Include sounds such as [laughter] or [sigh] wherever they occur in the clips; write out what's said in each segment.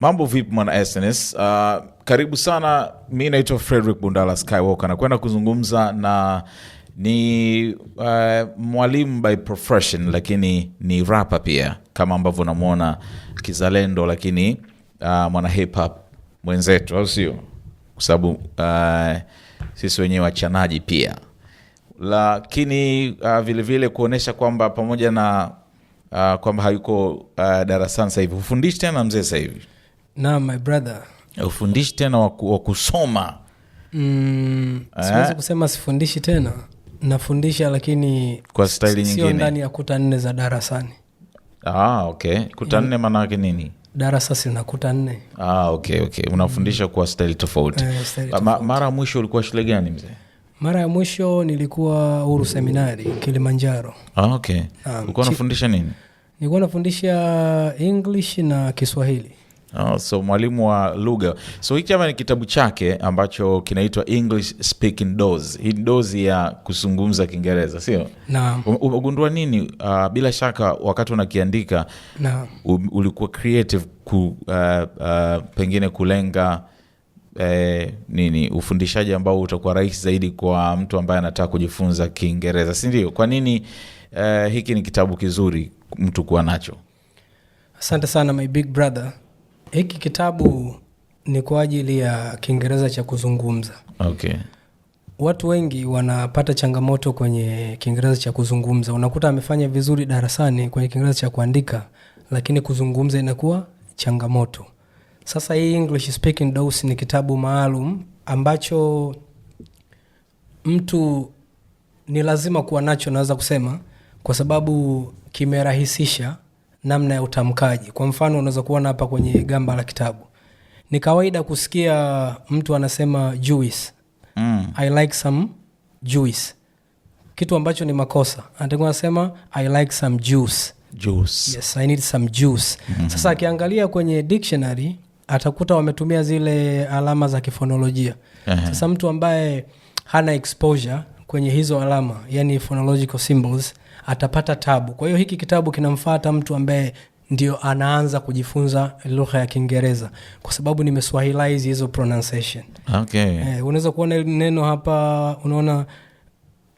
Mambo vipi mwana SNS? Uh, ah, karibu sana. Mi naitwa Frederick Bundala Skywalker, nakwenda kuzungumza na ni uh, mwalimu by profession, lakini ni rapa pia, kama ambavyo unamwona kizalendo, lakini uh, mwana hip hop mwenzetu, au sio? Kwa sababu uh, sisi wenyewe wachanaji pia, lakini uh, vilevile kuonyesha kwamba pamoja na uh, kwamba hayuko uh, darasani sasa hivi hufundishi tena mzee sasa hivi my brother ufundishi tena wa kusoma mm, eh? siwezi kusema sifundishi tena nafundisha lakini kwa staili nyingine ndani ya kuta nne za darasani ah, okay kuta nne maana yake nini darasa sina kuta nne ah, okay, okay. unafundisha mm. kwa staili tofauti eh, Ma, mara ya mwisho ulikuwa shule gani mzee mara ya mwisho nilikuwa huru seminari kilimanjaro ah, okay. um, ulikuwa unafundisha nini nilikuwa nafundisha english na kiswahili Oh, so mwalimu wa lugha. So hiki ama ni kitabu chake ambacho kinaitwa English Speaking Dose. Hii dozi ya kuzungumza Kiingereza, sio? Naam. Um, um, ugundua nini? Uh, bila shaka wakati unakiandika um, ulikuwa creative ku, uh, uh, pengine kulenga Eh, nini ufundishaji ambao utakuwa rahisi zaidi kwa mtu ambaye anataka kujifunza Kiingereza, si ndio? Kwa nini uh, hiki ni kitabu kizuri mtu kuwa nacho? Asante sana my big brother. Hiki kitabu ni kwa ajili ya Kiingereza cha kuzungumza. Okay. Watu wengi wanapata changamoto kwenye Kiingereza cha kuzungumza. Unakuta amefanya vizuri darasani kwenye Kiingereza cha kuandika, lakini kuzungumza inakuwa changamoto. Sasa hii English Speaking Dose ni kitabu maalum ambacho mtu ni lazima kuwa nacho, naweza kusema, kwa sababu kimerahisisha namna ya utamkaji. Kwa mfano, unaweza kuona hapa kwenye gamba la kitabu ni kawaida kusikia mtu anasema juice. Mm. I like some juice, kitu ambacho ni makosa. Anatakiwa anasema I like some juice. Juice. Yes, I need some juice. Mm-hmm. Sasa akiangalia kwenye dictionary atakuta wametumia zile alama za kifonolojia. Uh-huh. Sasa mtu ambaye hana exposure kwenye hizo alama, yani phonological symbols atapata tabu. Kwa hiyo hiki kitabu kinamfata mtu ambaye ndio anaanza kujifunza lugha ya Kiingereza kwa sababu nimeswahilize hizo pronunciation. Okay. Eh, unaweza kuona neno hapa, unaona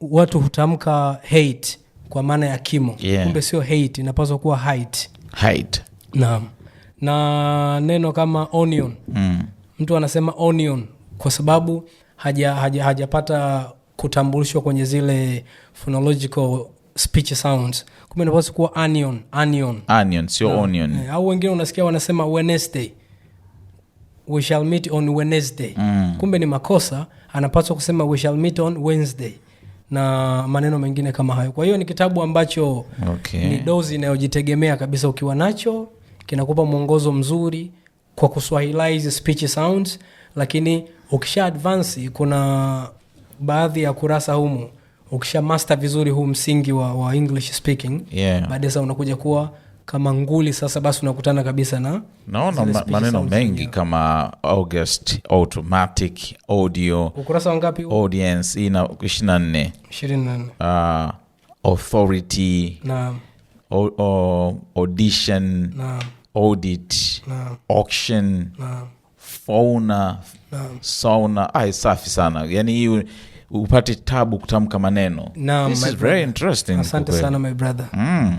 watu hutamka hate kwa maana ya kimo. Yeah. Kumbe sio hate, inapaswa kuwa height. Height. Naam. Na neno kama onion. Mm. Mtu anasema onion kwa sababu hajapata haja, haja kutambulishwa kwenye zile phonological speech sounds kumbe napasa kuwa onion onion onion sio no. onion yeah. au wengine unasikia wanasema wednesday we shall meet on wednesday mm. kumbe ni makosa anapaswa kusema we shall meet on wednesday na maneno mengine kama hayo kwa hiyo ni kitabu ambacho okay. ni dozi inayojitegemea kabisa ukiwa nacho kinakupa mwongozo mzuri kwa kuswahilize speech sounds lakini ukisha advansi kuna baadhi ya kurasa humu ukisha master vizuri huu msingi wa, wa english speaking yeah. baadae sa unakuja kuwa kama nguli sasa basi unakutana kabisa na naona ma, maneno mengi ya. kama august automatic audio ukurasa wangapi audience ina na nne uh, authority na o, o, audition na audit na auction na fauna na sauna ai safi sana yani hii upate tabu kutamka maneno asante sana my brother mm.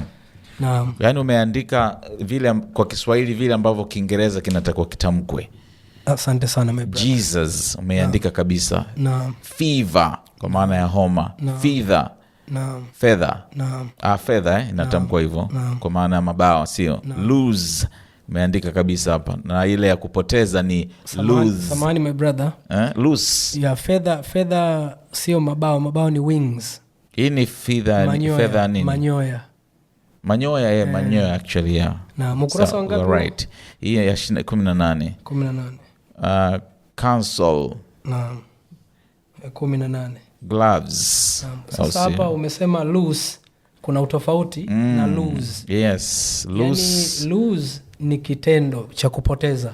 Yaani umeandika vile kwa kiswahili vile ambavyo kiingereza kinatakiwa kitamkwe asante sana my jesus umeandika kabisa fiva kwa maana ya homa no. fedha fedha fedha inatamkwa hivo hivyo kwa maana ya mabawa sio lose umeandika kabisa hapa na ile ya kupoteza ni samani my brother. Eh? ya Yeah, fedha fedha sio mabao, mabao ni wings. Hii ni fedha fedha nini? Manyoya. Manyoya yeah, eh. manyoya actually ya Na mkurasa so, Right. Hii ya 18. 18. Uh, council. na 18. Gloves. Sasa hapa umesema loose kuna utofauti mm, na lose. Yes, lose. Yani, lose ni kitendo cha kupoteza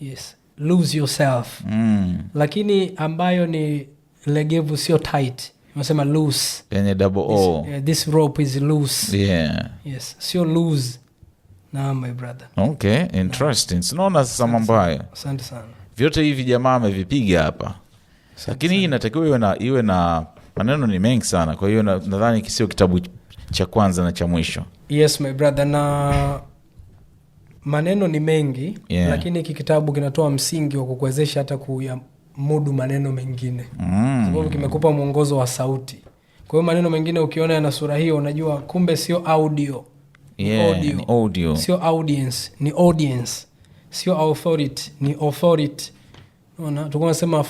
yes. Lose yourself mm. Lakini ambayo ni legevu, sio tight, unasema loose double o. This, uh, this rope is loose yeah. Yes, sio loose na my brother. Okay, interesting. Sinaona sasa mambo haya, asante sana. Vyote hivi jamaa amevipiga hapa, lakini hii inatakiwa iwe na iwe na maneno ni mengi sana, kwa hiyo nadhani na sio kitabu cha kwanza na cha mwisho. Yes my brother na maneno ni mengi yeah. Lakini hiki kitabu kinatoa msingi wa kukuwezesha hata kuyamudu maneno mengine mm. Sababu kimekupa mwongozo wa sauti. Kwa hiyo maneno mengine ukiona yana sura hiyo, unajua kumbe sio audio. audio. sio audience, ni audience sio authority, ni authority.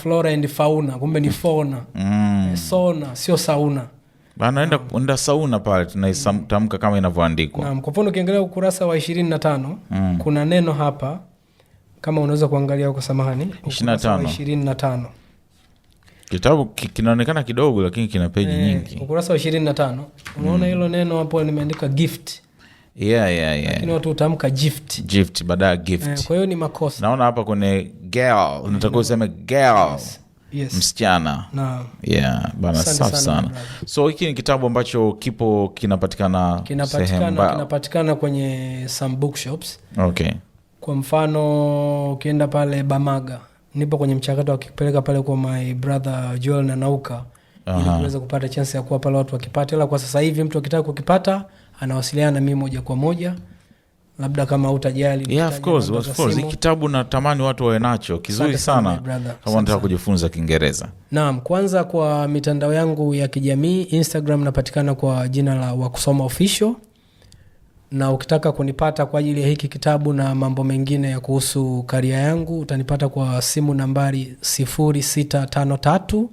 flora and fauna, kumbe ni fona mm. Sona sio sauna anaenda enda sauna pale tunaitamka kama inavyoandikwa kwa mfano ukiangalia ukurasa wa ishirini na tano mm. kuna neno hapa kama unaweza kuangalia huko samahani ishirini na tano kitabu kinaonekana kidogo lakini kina peji e, nyingi ukurasa wa ishirini na tano unaona mm. hilo mm. neno hapo limeandika gift yeah, yeah, yeah. lakini watu utamka gift gift baada ya gift e, kwa hiyo ni makosa naona hapa kwenye girl unatakiwa useme girls yes yes. msichana yeah, bana safi sana so hiki ni kitabu ambacho kipo kinapatikana kwenye some bookshops okay kwa mfano ukienda pale bamaga nipo kwenye mchakato wakipeleka pale kwa my brother joel na nauka kuweza kupata chansi ya kuwa pale watu wakipata ila kwa sasa hivi mtu akitaka kukipata anawasiliana na mii moja kwa moja labda kama utajali yeah, of course, of course. Kitabu natamani watu wawe nacho kizuri sana kama nataka kujifunza Kiingereza. Naam, kwanza kwa mitandao yangu ya kijamii Instagram napatikana kwa jina la Wakusoma Official, na ukitaka kunipata kwa ajili ya hiki kitabu na mambo mengine ya kuhusu karia yangu utanipata kwa simu nambari 0653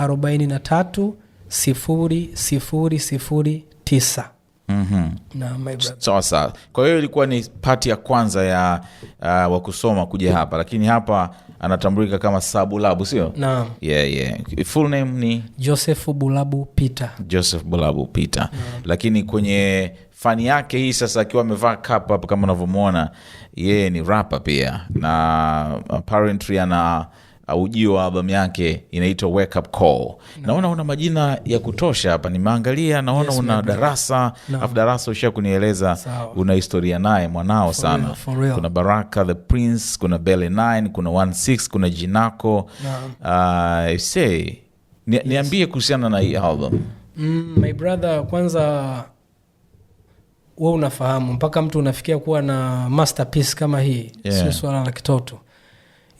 43 00009 mm-hmm. na sawa sawa kwa hiyo ilikuwa ni pati ya kwanza ya uh, wakusoma kuja hapa lakini hapa anatambulika kama sabulabu sio naam yeah, yeah. full name ni joseph bulabu peter joseph bulabu peter lakini kwenye fani yake hii sasa akiwa amevaa kap kama unavyomwona yeye ni rapa pia na apparently ana uh, ujio wa albamu yake inaitwa Wake Up Call. Mm. Naona una majina ya kutosha hapa, nimeangalia naona yes, una darasa afu darasa usha kunieleza una historia naye mwanao for sana real, real. Kuna Baraka the Prince, kuna Bele 9 kuna 16 kuna Jinako uh, say ni, yes. Niambie kuhusiana na hii album mm, my brother, kwanza we unafahamu mpaka mtu unafikia kuwa na masterpiece kama hii yeah. Sio swala la kitoto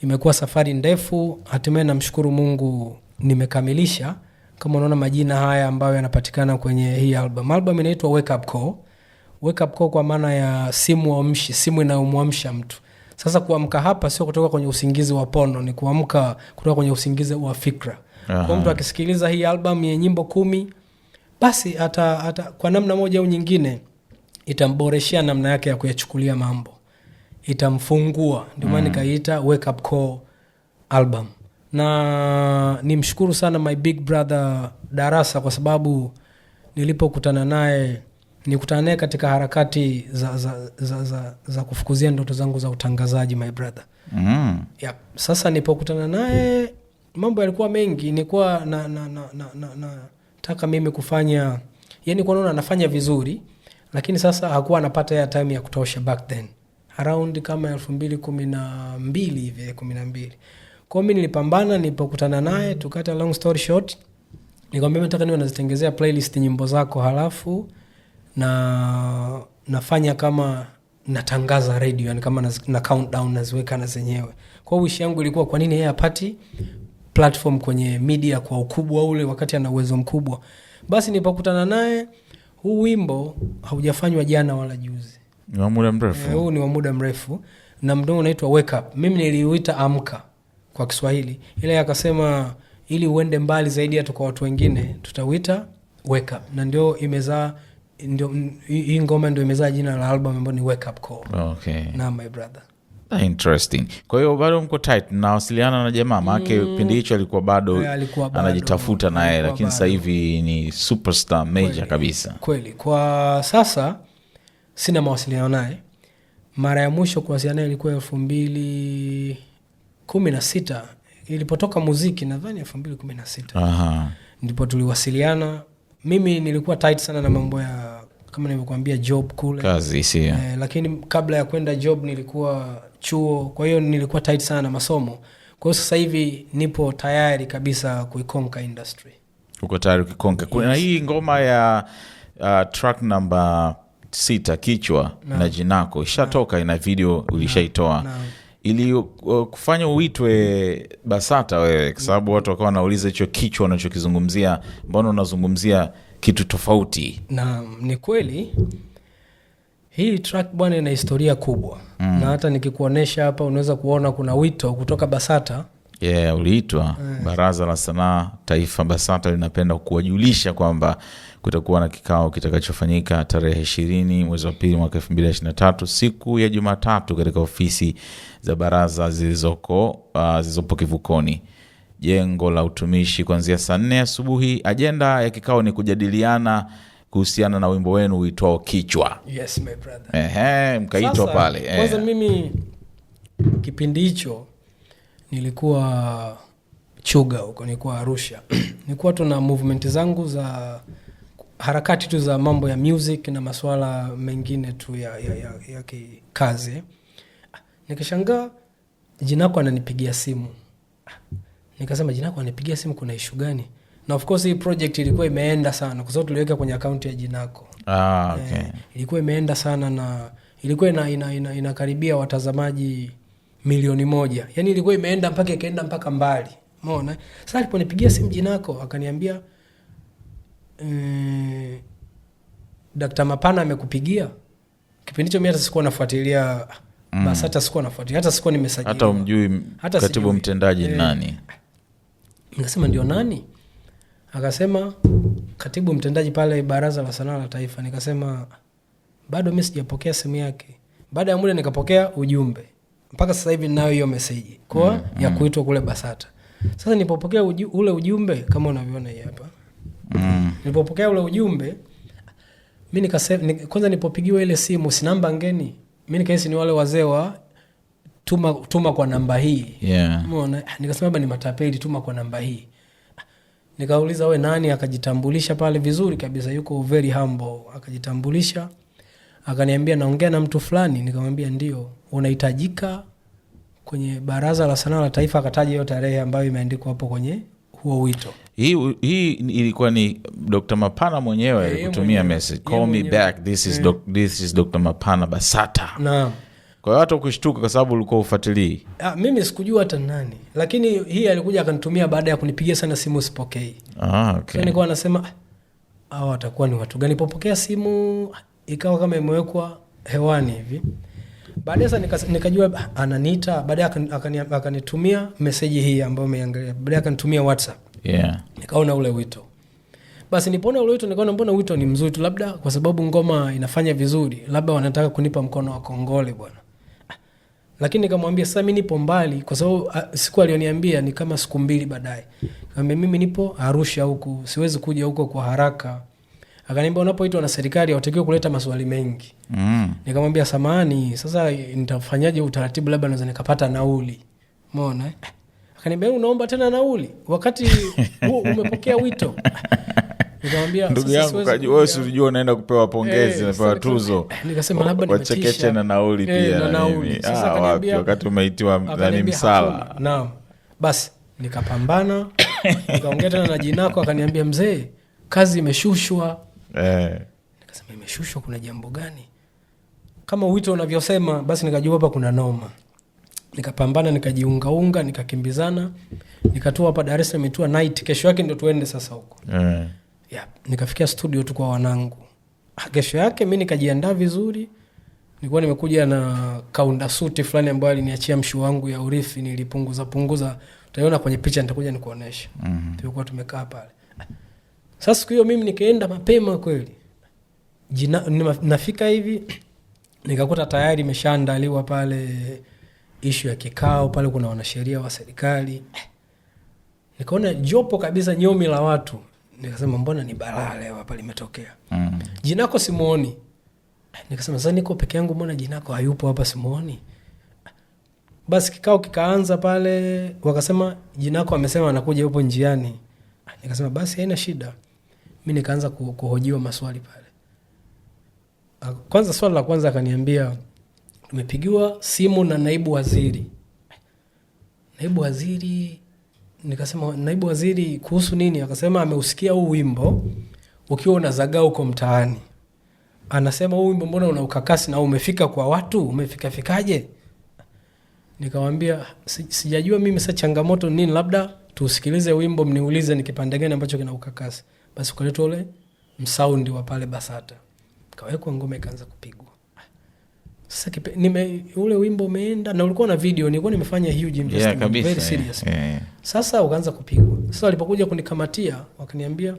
Imekuwa safari ndefu, hatimaye namshukuru Mungu nimekamilisha. Kama unaona majina haya ambayo yanapatikana kwenye hii album, album inaitwa Wake Up Call. Wake Up Call kwa maana ya simu amshi, simu inayomwamsha mtu. Sasa kuamka hapa sio kutoka kwenye usingizi wa pono, ni kuamka kutoka kwenye usingizi wa fikra. Kwa mtu akisikiliza hii album yenye nyimbo kumi, basi ata, ata, kwa namna moja au nyingine itamboreshea namna yake ya kuyachukulia mambo itamfungua ndio maana mm. nikaita wake up call album na nimshukuru sana my big brother darasa kwa sababu nilipokutana naye nikutana naye katika harakati za, za, za, za, za kufukuzia ndoto zangu za utangazaji my brother mm. yep. sasa nipokutana naye mambo yalikuwa mengi nikuwa na, na, na, na, na, na taka mimi kufanya yani kuwa naona anafanya vizuri lakini sasa hakuwa anapata ya time ya kutosha back then mm around kama elfu mbili kumi na mbili hivi kumi na mbili. kwao mi nilipambana, nilipokutana naye mm. tukata long story short, nikwambia mtaka niwe nazitengezea playlist nyimbo zako, halafu na nafanya kama natangaza radio, yani kama na countdown naziweka na zenyewe. kwao wishi yangu ilikuwa kwa nini yeye apati platform kwenye media kwa ukubwa ule, wakati ana uwezo mkubwa. Basi nipokutana naye, huu wimbo haujafanywa jana wala juzi ni muda mrefu eh, huu. ni wa muda mrefu na mdomo unaitwa up. Mimi niliuita amka kwa Kiswahili, ila akasema ili uende mbali zaidi hata kwa watu wengine tutauita up, na ndio imezaa hii ngoma ndio imezaa jina la album ambayo ni up Okay. na my brother ah, Interesting. Kwa hiyo bado mko tight, nawasiliana na jamaa maake mm. Kipindi hicho alikuwa bado, yeah, alikuwa bado anajitafuta naye, lakini sasa hivi ni superstar kabisa kweli kwa sasa sina mawasiliano naye. Mara ya mwisho kuwasiliana naye ilikuwa elfu mbili kumi na sita ilipotoka muziki, nadhani elfu mbili kumi na sita ndipo tuliwasiliana. Mimi nilikuwa tight sana na mambo ya kama nilivyokuambia job kule kazi si eh, lakini kabla ya kwenda job nilikuwa chuo, kwa hiyo nilikuwa tight sana na masomo. Kwa hiyo sasa hivi nipo tayari kabisa kuikonka industry. Uko tayari kuikonka? Kuna yes. hii ngoma ya uh, track number sita kichwa na, na jinako ishatoka, ina video ulishaitoa ili uh, kufanya uitwe BASATA wewe, kwa sababu watu wakawa wanauliza hicho kichwa unachokizungumzia, mbona unazungumzia kitu tofauti? Naam, ni kweli hii track bwana ina historia kubwa mm. na hata nikikuonyesha hapa unaweza kuona kuna wito kutoka BASATA yeah, uliitwa yeah. Baraza la Sanaa Taifa BASATA linapenda kuwajulisha kwamba kutakuwa na kikao kitakachofanyika tarehe ishirini mwezi wa pili mwaka elfu mbili ishirini na tatu siku ya Jumatatu katika ofisi za baraza zilizoko uh, zilizopo Kivukoni jengo la utumishi kuanzia saa nne asubuhi. Ajenda ya kikao ni kujadiliana kuhusiana na wimbo wenu uitwao Kichwa. Yes, my brother. Ehe, mkaitwa pale. Eh. Kwanza mimi kipindi hicho nilikuwa Chuga huko, nilikuwa Arusha [clears throat] nilikuwa tu na movement zangu za harakati tu za mambo ya music na masuala mengine tu ya, ya, ya, ya kikazi. Nikashangaa Jinako ananipigia simu, nikasema Jinako ananipigia simu, kuna ishu gani? Na of course hii project ilikuwa imeenda sana, kwa sababu tuliweka kwenye akaunti ya Jinako. Ah, okay. Eh, ilikuwa imeenda sana na ilikuwa inakaribia ina, ina, ina, watazamaji milioni moja. Yani ilikuwa imeenda mpaka ikaenda mpaka mbali. Umeona? Sasa aliponipigia simu Jinako akaniambia eh, Dr. Mapana amekupigia. Kipindi hicho mimi hata sikuwa nafuatilia mm. Basi hata sikuwa nafuatilia, hata sikuwa nimesajili. Hata umjui hata katibu sijui, mtendaji e, nani? Nikasema ndio nani? Akasema katibu mtendaji pale Baraza la Sanaa la Taifa. Nikasema bado mi sijapokea simu yake. Baada ya muda nikapokea ujumbe mpaka sasa hivi nayo hiyo meseji kwa mm, mm, ya kuitwa kule BASATA. Sasa nipopokea uji, ule ujumbe kama unavyoona hii hapa mm. nipopokea ule ujumbe mi nikasema ni, kwanza nilipopigiwa ile simu si namba ngeni, mi nikahisi ni wale wazee wa tuma, tuma kwa namba hii yeah. nikasema aba ni matapeli, tuma kwa namba hii. Nikauliza we nani? Akajitambulisha pale vizuri kabisa, yuko very humble, akajitambulisha akaniambia naongea na mtu fulani, nikamwambia ndio, unahitajika kwenye Baraza la Sanaa la Taifa. Akataja hiyo tarehe ambayo imeandikwa hapo kwenye huo wito. Hii, hii ilikuwa ni Dr. Mapana mwenyewe alikutumia back, this is eh. doc, this is Dr. Mapana Basata. Naam. Kwa hiyo hata ukushtuka kwa sababu ulikuwa ufuatilii. Ah, mimi sikujua hata nani, lakini hii alikuja akanitumia baada ya kunipigia sana simu sipokei. Ah, okay. So, nikuwa anasema awa ah, watakuwa ni watu gani? Popokea simu ikawa kama imewekwa hewani hivi. Baadaye sasa nika, nikajua ananiita, baadaye akanitumia akani, meseji hii ambayo umeiangalia, baadaye akanitumia WhatsApp. Yeah. Nikaona ule wito. Basi nipoona ule wito nikaona mbona wito ni mzuri tu, labda kwa sababu ngoma inafanya vizuri, labda wanataka kunipa mkono wa kongole bwana. Ah, lakini nikamwambia sasa, mimi nipo mbali, kwa sababu ah, siku alioniambia ni kama siku mbili baadaye. Kaambia mimi nipo Arusha huku, siwezi kuja huko kwa haraka Akaniambia unapoitwa na serikali hautakiwi kuleta maswali mengi. Mm. Nikamwambia samani, sasa nitafanyaje utaratibu, labda naweza nikapata nauli. mona eh? Akaniambia unaomba tena nauli wakati [laughs] umepokea wito. ndugu yangu, unaenda kupewa pongezi, eh, unapewa tuzo. Nikasema na nauli eh, na ah, wakati umeitiwa nani msala. Naam. Basi nikapambana, nikaongea tena na jinako, akaniambia mzee, kazi imeshushwa eh. Nikasema imeshushwa, kuna jambo gani? Kama wito unavyosema, basi nikajua hapa kuna noma. Nikapambana, nikajiungaunga, nikakimbizana, nikatua hapa Dar es Salaam, itua night, kesho yake ndio tuende sasa huko eh. Yeah, nikafikia studio tu kwa wanangu. Ah, kesho yake mi nikajiandaa vizuri, nilikuwa nimekuja na kaunda suti fulani ambayo aliniachia mshu wangu ya urithi, nilipunguza punguza, utaiona kwenye picha, nitakuja nikuonesha. mm -hmm. Tulikuwa tumekaa pale sasa siku hiyo mimi nikaenda mapema kweli, Jina, nafika hivi nikakuta tayari imeshaandaliwa pale ishu ya kikao pale, kuna wanasheria wa serikali. Nikaona jopo kabisa nyomi la watu, nikasema mbona ni balaa leo hapa limetokea. mm. Jinako simuoni, nikasema sasa niko peke yangu, mbona Jinako hayupo hapa, simuoni. Basi kikao kikaanza pale, wakasema Jinako amesema anakuja, yupo njiani. Nikasema basi haina shida mi nikaanza kuhojiwa maswali pale. Ah, kwanza swali la kwanza akaniambia, tumepigiwa simu na naibu waziri. Naibu waziri? Nikasema naibu waziri kuhusu nini? Akasema ameusikia huu wimbo ukiwa unazagaa huko mtaani, anasema huu wimbo mbona una ukakasi na umefika kwa watu, umefikafikaje? Nikamwambia sijajua mimi, sa changamoto nini, labda tuusikilize wimbo mniulize ni kipande gani ambacho kina ukakasi basi ukaletwa ule msaundi wa pale Basata, kawekwa ngoma ikaanza kupigwa. Sasa kipe, nime, ule wimbo umeenda na ulikuwa na video, nilikuwa nimefanya huge investment yeah, very serious yeah, yeah. Sasa ukaanza kupigwa. Sasa walipokuja kunikamatia wakaniambia,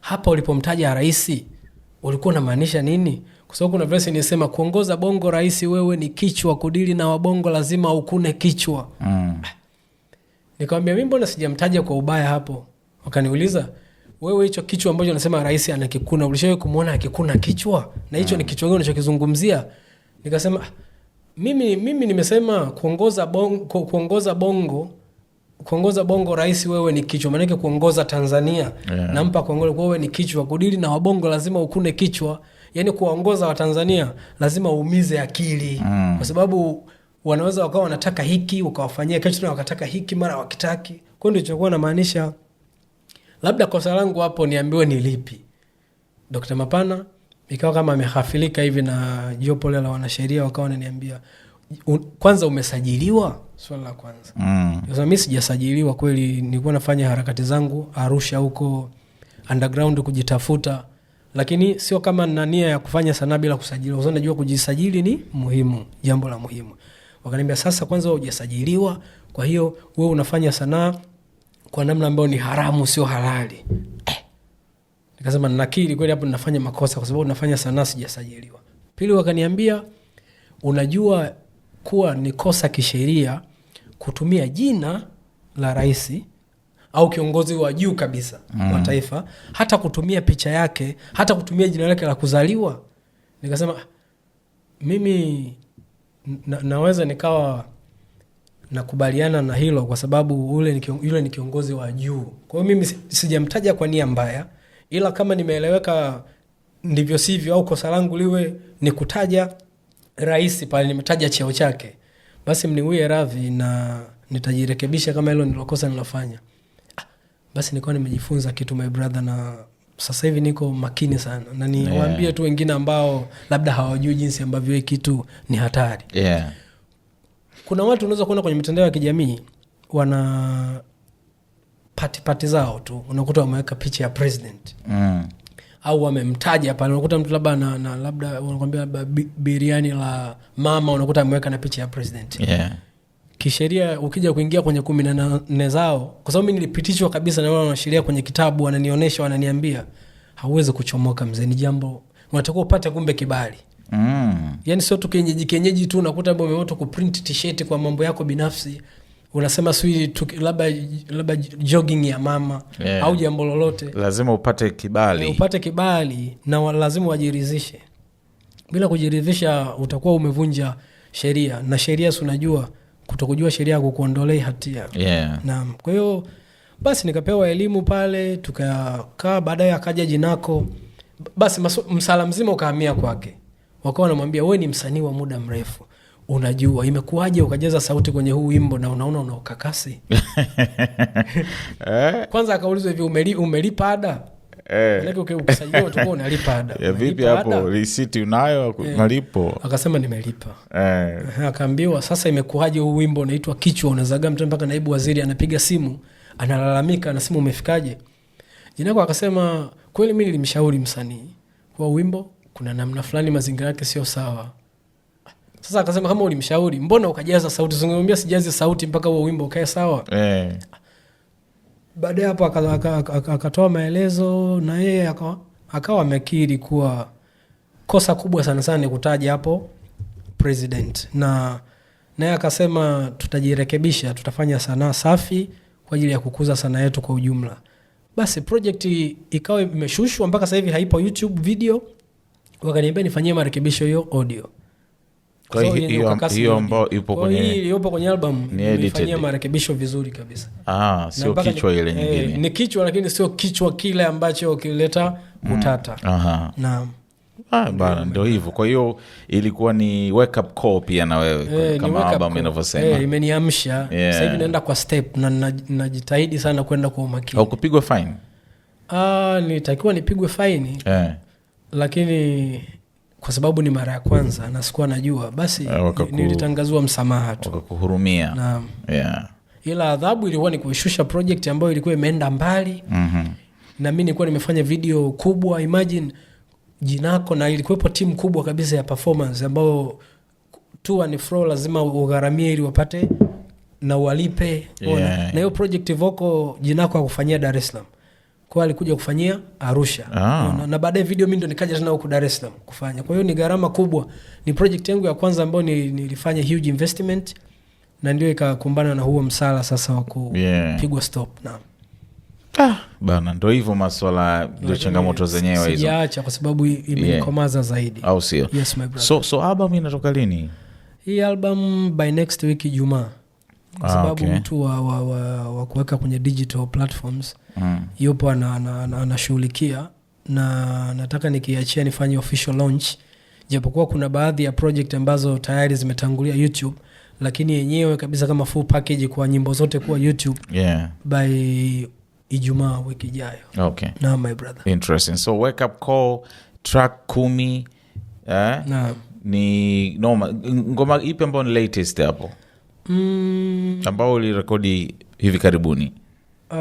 hapa ulipomtaja rais ulikuwa unamaanisha nini? Kwa sababu kuna vesi nisema kuongoza bongo rais, wewe ni kichwa, kudili na wabongo lazima ukune kichwa mm. nikawambia mimi mbona sijamtaja kwa ubaya hapo? Wakaniuliza wewe hicho kichwa ambacho nasema rais anakikuna, ulishawai kumwona akikuna kichwa? Na hicho ni mm. kichwa gani unachokizungumzia? Nikasema mimi, mimi nimesema kuongoza bongo, kuongoza bongo kuongoza bongo rais wewe ni kichwa, maanake kuongoza Tanzania yeah. nampa kuongoza wewe ni kichwa, kudili na wabongo lazima ukune kichwa, yani kuwaongoza Watanzania lazima uumize akili mm. kwa sababu wanaweza wakawa wanataka hiki ukawafanyia kesho na wakataka hiki mara wakitaki, kwao ndicho kuwa namaanisha labda kosa langu hapo niambiwe ni lipi. Dkt. Mapana ikawa kama amehafilika hivi na jopo la wanasheria wakawa wananiambia kwanza umesajiliwa, swala la kwanza mm. Mi sijasajiliwa kweli, nilikuwa nafanya harakati zangu Arusha huko underground kujitafuta, lakini sio kama na nia ya kufanya sanaa bila kusajiliwa, kwa najua kujisajili ni muhimu, jambo la muhimu. Wakaniambia sasa, kwanza ujasajiliwa kwa hiyo wewe unafanya sanaa kwa namna ambayo ni haramu, sio halali eh. Nikasema nakiri kweli, hapo ninafanya makosa, kwa sababu nafanya sanaa sijasajiliwa. Pili wakaniambia, unajua kuwa ni kosa kisheria kutumia jina la rahisi au kiongozi wa juu kabisa mm. wa taifa, hata kutumia picha yake, hata kutumia jina lake la kuzaliwa. Nikasema mimi na, naweza nikawa nakubaliana na hilo kwa sababu ule ni yule ni kiongozi wa juu. Kwa hiyo mimi sijamtaja kwa nia mbaya, ila kama nimeeleweka ndivyo sivyo, au kosa langu liwe ni kutaja rais pale nimetaja cheo chake, basi mniwie radhi na nitajirekebisha kama hilo nilokosa nilofanya. Ah, basi nilikuwa nimejifunza kitu my brother, na sasa hivi niko makini sana, na niwaambie yeah. tu wengine ambao labda hawajui jinsi ambavyo hii kitu ni hatari yeah kuna watu unaweza kuona kwenye mitandao ya kijamii wana patipati zao tu, unakuta wameweka picha ya president mm. au wamemtaja pale, unakuta mtu labda na, na labda unakwambia labda biriani la mama, unakuta ameweka na picha ya president yeah kisheria ukija kuingia kwenye kumi na nne zao, kwa sababu mi nilipitishwa kabisa na wanasheria kwenye kitabu, wananionyesha wananiambia, hauwezi kuchomoka mzee, ni jambo unatakiwa upate kumbe kibali Mm. Yaani sio tu kienyeji tu unakuta labda umeota kuprint t-shirt kwa mambo yako binafsi. Unasema sijui labda labda jogging ya mama yeah, au jambo lolote. Lazima upate kibali. Eh, upate kibali na lazima wajirizishe Bila kujiridhisha utakuwa umevunja sheria na sheria si unajua kutokujua sheria kukuondolei hatia. Yeah. Naam. Kwa hiyo basi nikapewa elimu pale tukakaa, baadaye akaja Jinako. Basi msala mzima ukahamia kwake wakawa wanamwambia wewe ni msanii wa muda mrefu unajua imekuwaje ukajaza sauti kwenye huu wimbo na unaona una ukakasi [laughs] eh? kwanza akaulizwa hivi umelipa ada eh. ada [laughs] vipi hapo risiti unayo eh. malipo akasema nimelipa eh. akaambiwa sasa huu wimbo unaitwa kichwa mtu mpaka naibu waziri anapiga simu analalamika anasema umefikaje jinako akasema kweli mi nilimshauri msanii kwa wimbo kuna namna fulani mazingira yake sio sawa. Sasa akasema kama ulimshauri, mbona ukajaza sauti? Zingemwambia sijaze sauti mpaka huo wimbo ukae sawa eh. Baada ya hapo akatoa maelezo na yeye akawa amekiri kuwa kosa kubwa sana sana ni kutaja hapo president, na naye akasema tutajirekebisha, tutafanya sanaa safi kwa ajili ya kukuza sanaa yetu kwa ujumla. Basi project ikawa imeshushwa mpaka sasa hivi haipo YouTube video wakaniambia nifanyie marekebisho hiyo audio hiyo hiyo ambayo ipo kwenye kwenye albam nilifanyia marekebisho vizuri kabisa. Ah, sio kichwa ile nyingine. Eh, ni kichwa lakini sio kichwa kile ambacho kilileta mm. utata. Mm. Aha. Naam. Ah, bana ndo hivyo. Kwa hiyo ilikuwa ni wake up call pia na wewe eh, kamaalbam inavyosema. Eh, imeniamsha. Yeah. hivi naenda kwa step na najitahidi na sana kwenda kwa umakini. Au kupigwa fine? Ah, nilitakiwa nipigwe faini. yeah lakini kwa sababu ni mara ya kwanza na sikuwa najua basi eh, nilitangaziwa msamaha tu yeah. ila adhabu ilikuwa ni kuishusha project ambayo ilikuwa imeenda mbali mm-hmm. na mi nilikuwa nimefanya video kubwa imagine jinako na ilikuwepo timu kubwa kabisa ya performance ambayo t ni fro lazima ugharamie ili wapate na walipe yeah. na hiyo project voko jinako akufanyia dar es salaam kwa alikuja kufanyia Arusha ah. na, baadaye video mimi ndo nikaja tena huku Dar es Salaam kufanya. Kwa hiyo ni gharama kubwa, ni project yangu ya kwanza ambayo nilifanya ni huge investment na ndio ikakumbana na huo msala sasa wa kupigwa yeah. stop na Ah, bana ndo hivyo maswala ndio changamoto zenyewe hizo. Sijaacha kwa sababu imekomaza yeah. zaidi. Au sio? Yes my brother. So so album inatoka lini? Hii album by next week Ijumaa kwa sababu ah, okay. mtu wa, wa, wa, wa kuweka kwenye digital platforms mm. yupo anashughulikia na, na, na, na nataka nikiachia nifanye official launch japokuwa kuna baadhi ya project ambazo tayari zimetangulia youtube lakini yenyewe kabisa kama full package kwa nyimbo zote kuwa youtube yeah. by ijumaa wiki ijayo okay. na my brother interesting so wake up call track kumi eh? ni noma ngoma ipi ambayo ni latest hapo mm. ambao ulirekodi hivi karibuni uh,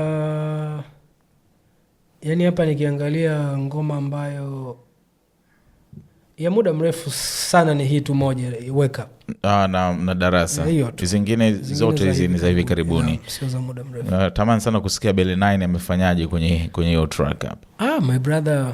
yani hapa nikiangalia ngoma ambayo ya muda mrefu sana ni hii tu moja weka ah, na, na darasa eh, zingine zote hizi ni za hivi karibuni uh, tamani sana kusikia bele 9 amefanyaje kwenye hiyo track ah, my brother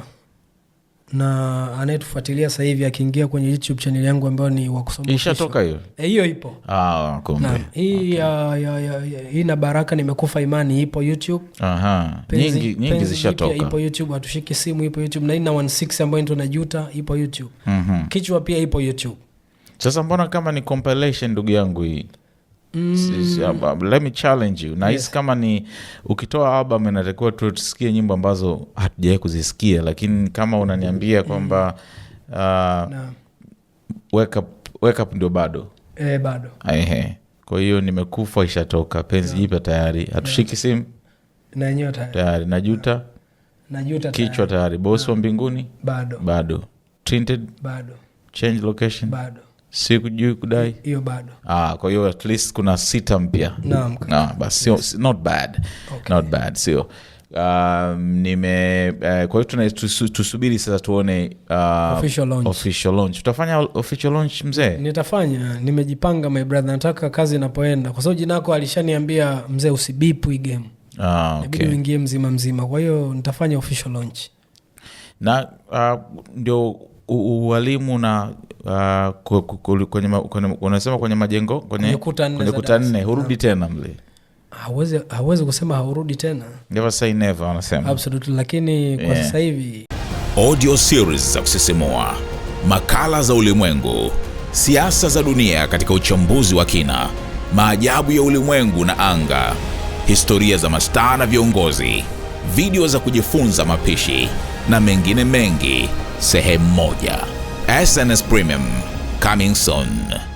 na anayetufuatilia sasa hivi akiingia kwenye youtube chaneli yangu ambayo ni wakusomaishatoka hiyo eh, hiyo ipo ah, Na, hii okay. ya, ya, ya, na baraka nimekufa imani ipo youtube Aha. Penzi, nyingi, nyingi zishatoka ipo youtube hatushiki simu ipo youtube na hii na 16 ambayo ipo youtube mm-hmm. kichwa pia ipo youtube sasa mbona kama ni compilation ndugu yangu hii Mm. Let me challenge you nahisi yes. Kama ni ukitoa album inatakiwa tusikie nyimbo ambazo hatujawai kuzisikia, lakini kama unaniambia kwamba uh, no. wake up, wake up ndio bado e, bado Kwa hiyo nimekufa ishatoka penzi no. jipya tayari hatushiki simu tayari najuta najuta kichwa tayari bosi wa mbinguni bado bado bado change location bado si kudai hiyo bado ah, kwa hiyo at least kuna sita mpya basi yes. not bad okay. not bad sio um, nime uh, kwa hiyo tusubiri sasa tuone uh, utafanya official launch mzee nitafanya nimejipanga my brother nataka kazi inapoenda kwa sababu jinako alishaniambia mzee usibipu hii ah, okay. uingie mzima mzima kwa hiyo nitafanya official launch na uh, ndio ualimu na uh, unasema kwenye majengo kwenye kuta nne hurudi tena mle hawezi kusema haurudi tena never say never wanasema absolutely lakini kwa yeah. sasa hivi audio series za kusisimua makala za ulimwengu siasa za dunia katika uchambuzi wa kina maajabu ya ulimwengu na anga historia za mastaa na viongozi video za kujifunza mapishi na mengine mengi sehemu moja. SNS Premium coming soon.